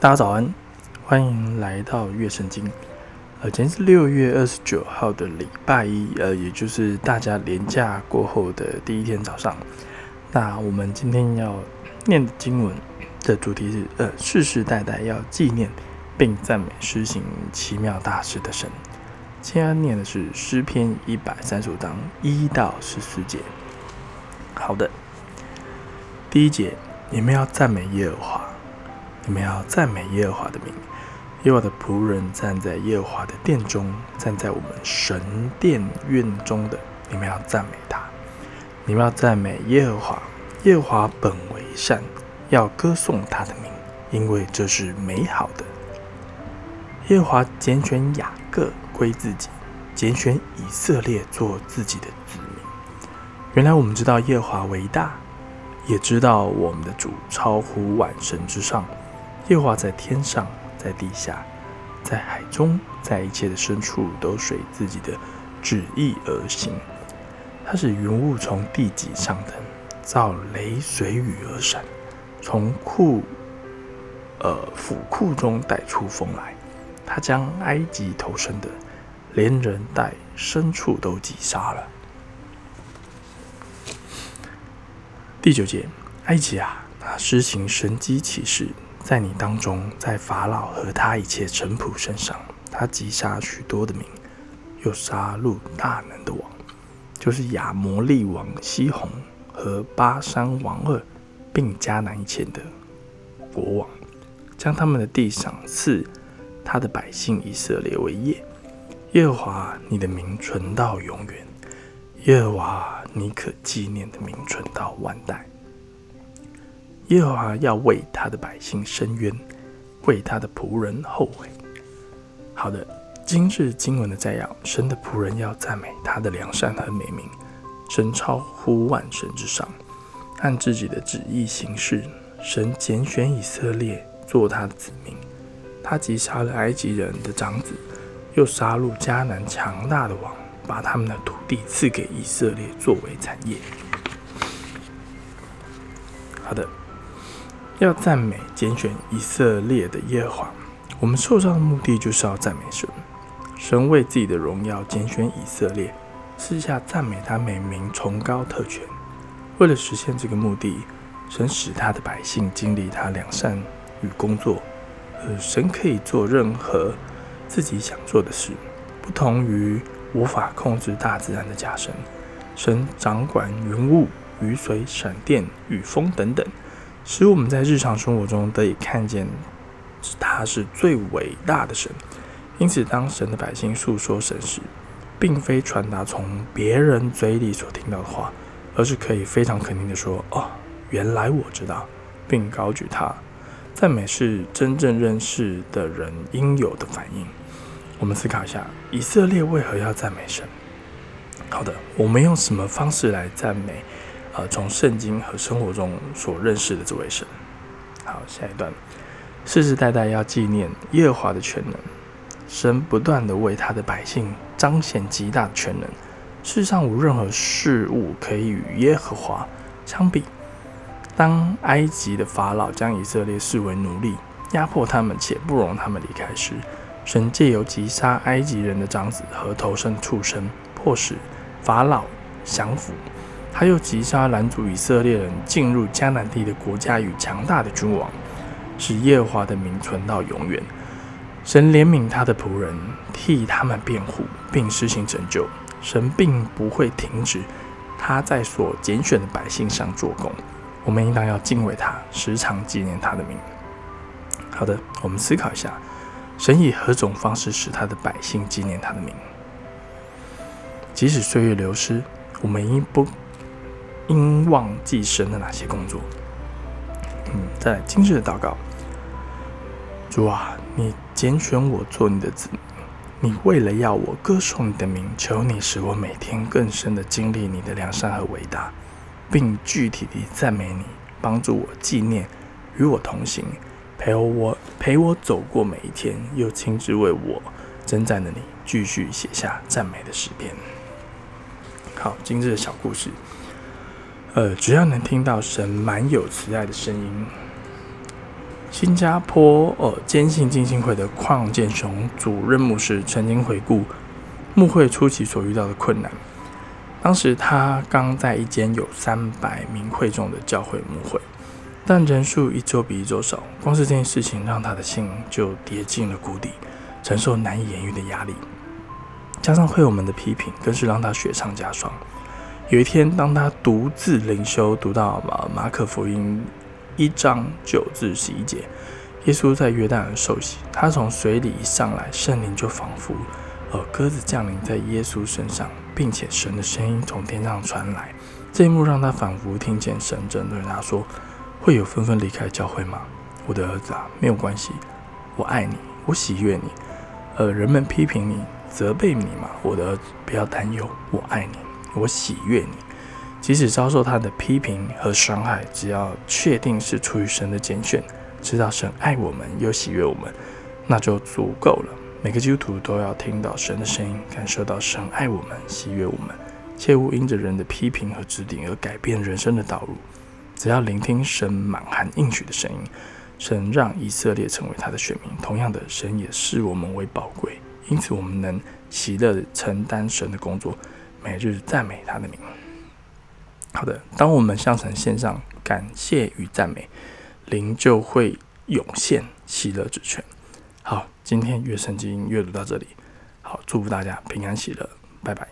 大家早安，歡迎來到樂聖經。呃，今天是六月二十九號的禮拜一，呃，也就是大家連假過後的第一天早上。那我們今天要念的經文的主題是，呃，世世代代要紀念並讚美施行奇妙大事的神。今天念的是詩篇一百三十五章一到十四節。好的，第一節，你們要讚美耶和華。你們要讚美耶和華的名，耶和華的僕人站在耶和華的殿中，站在我們神殿院中的，你們要讚美他。你們要讚美耶和華，耶和華本為善，要歌頌他的名，因為這是美好的。耶和華揀選雅各歸自己，揀選以色列做自己的子民。原來我們知道耶和華為大，也知道我們的主超乎萬神之上。耶和華在天上，在地下，在海中，在一切的深處，都隨自己的旨意而行。他使雲霧從地極上騰，造雷隨雨而閃，從庫呃府庫中帶出風來。他將埃及頭生的，連人帶牲畜都擊殺了。第九節，埃及啊，他施行神蹟奇，奇事。在你當中，在法老和他一切臣僕身上，他擊殺許多的民，又殺戮大能的王，就是亞摩利王西宏和巴珊王噩，並迦南一切的國王，將他們的地賞賜他的百姓以色列為業。耶和華，你的名存到永遠；耶和華，你可紀念的名存到萬代。耶和華要為他的百姓伸冤，為他的僕人後悔。好的，今日經文的摘要：神的僕人要讚美他的良善和美名。神超乎萬神之上，按自己的旨意行事。神揀選以色列做他的子民。他擊殺了埃及人的長子，又殺戮迦南強大的王，把他們的土地賜給以色列作為產業。好的。要讚美揀選以色列的耶和華。我們受造的目的就是要讚美神。神為自己的榮耀揀選以色列，私下讚美他美名、崇高特權。為了實現這個目的，神使他的百姓經歷他良善與工作。呃，神可以做任何自己想做的事，不同於無法控制大自然的假神。神掌管雲霧、雨水、閃電、雨風等等。使我們在日常生活中得以看見，他是最偉大的神。因此，當神的百姓訴說神時，並非傳達從別人嘴裡所聽到的話，而是可以非常肯定地說：“哦，原來我知道。”並高舉他，讚美是真正認識的人應有的反應。我們思考一下，以色列爲何要讚美神？好的，我們用什麼方式來讚美？呃，從聖經和生活中所認識的這位神，好，下一段，世世代代要紀念耶和華的全能，神不斷地為他的百姓彰顯極大的全能，世上無任何事物可以與耶和華相比。當埃及的法老將以色列視為奴隸，壓迫他們且不容他們離開時，神借由擊殺埃及人的長子和頭生畜生，迫使法老降服。他又擊殺攔阻以色列人進入迦南地的國家與強大的君王，使耶和華的名存到永遠。神憐憫他的僕人，替他們辯護，並施行拯救。神並不會停止他在所揀選的百姓上做工。我們應當要敬畏他，時常紀念他的名。好的，我們思考一下，神以何種方式使他的百姓紀念他的名？即使歲月流失，我們應不。因忘記神的哪些工作？嗯，在今日的禱告，主啊，你揀選我做你的子民，你為了要我歌頌你的名，求你使我每天更深的經歷你的良善和偉大，並具體的讚美你，幫助我紀念與我同行，陪我陪我走過每一天，又親自為我征戰的你，繼續寫下讚美的詩篇。好，今日的小故事。呃，只要能聽到神滿有慈愛的聲音。新加坡呃，堅信浸信會的鄺建雄主任牧師曾經回顧牧會初期所遇到的困難。當時他剛在一間有三百名會眾的教會牧會，但人數一周比一周少，光是這件事情讓他的心就跌進了谷底，承受難以言喻的壓力，加上會友們的批評，更是讓他雪上加霜。有一天，當他獨自靈修，讀到馬馬可福音一章九至十一節，耶穌在約旦河受洗，他從水裡一上來，聖靈就仿佛呃鴿子降臨在耶穌身上，並且神的聲音從天上傳來，這一幕讓他仿佛聽見神正對他說：“會有紛紛離開教會嗎？我的兒子啊，沒有關係，我愛你，我喜悅你。呃，人們批評你、責備你嗎？我的兒子，不要擔憂，我愛你。”我喜悅你，即使遭受他的批評和傷害，只要確定是出於神的揀選，知道神愛我們又喜悅我們，那就足夠了。每個基督徒都要聽到神的聲音，感受到神愛我們、喜悅我們，切勿因着人的批評和指點而改變人生的道路。只要聆聽神滿含應許的聲音，神讓以色列成為他的選民，同樣的，神也視我們為寶貴，因此我們能喜樂承擔神的工作。美就是讚美他的名。好的，當我們向神獻上感謝與讚美，靈就會湧現喜樂之泉。好，今天樂聖經閱讀到這裡。好，祝福大家平安喜樂，拜拜。